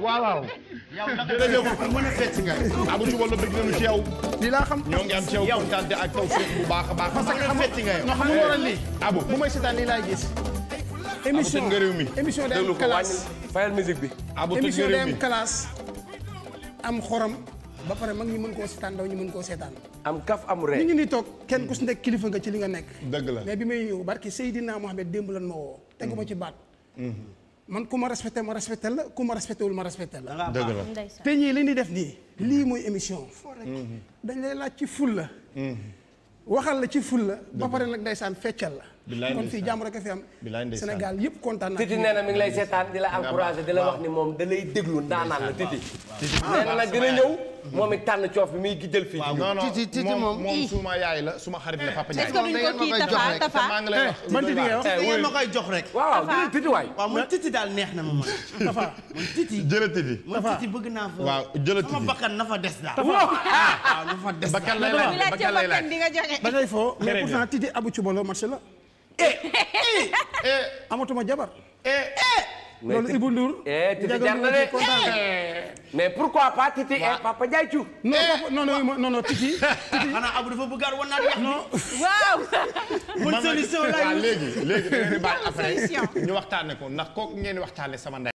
waaw waaw. yow jërëjëf mën ci wàllu bëgg xam ñoo ci yow kontaan ak taw feex bu baax baax. parce que xam nga xam nga lii. abu bu may seetaan lii gis. émission nga am classe am xorom. ba pare mag ñi mën koo seetaan ndaw ñi mën koo seetaan am am ñu ngi ni toog kenn ku si nekk kilifa nga ci li nga nekk dëgg la mais bi may ñëw barki Seydina Mohamed démb lan ma woo tegu ma baat mm-hmm. man ku ma respecté ma respecté la ku ma respecté wul ma respecté la dëgg la te ñii li def nii lii mooy émission foo rek mm-hmm. dañ lay laaj ci ful la mm-hmm. waxal la ci ful la ba pare nag ndeysaan feccal la kon fii jàmm rek a fi am Sénégal yëpp kontaan na titi nee mi ngi lay seetaan di la encouragé di la wax ni moom da lay déglu ndaanaan la titi nee na nag dina ñëw moom it tànn coof bi muy jël fii titi titi moom moom suma yaay la suma xarit la papa Ndiaye maa ngi lay titi ngeen ma koy jox rek waaw dina titi waay waaw titi daal neex na ma man tafa man titi jëla titi man titi fa waaw jëla titi sama na fa des daal waaw na fa des bakkan lay laaj bakkan lay laaj bi titi abu ci bolo la Eh, eh, eh, amatuma jabar. loolu Ibou Ndour. Titi jar na de mais pourquoi pas Titi et Papa Ndiaye Thiou. non non non non non Titi. xanaa Abdou dafa bëgg a wan naan non waaw. bonne solution la léegi léegi da baal après ñu waxtaane ko ndax kooku ngeen waxtaane sama ndey.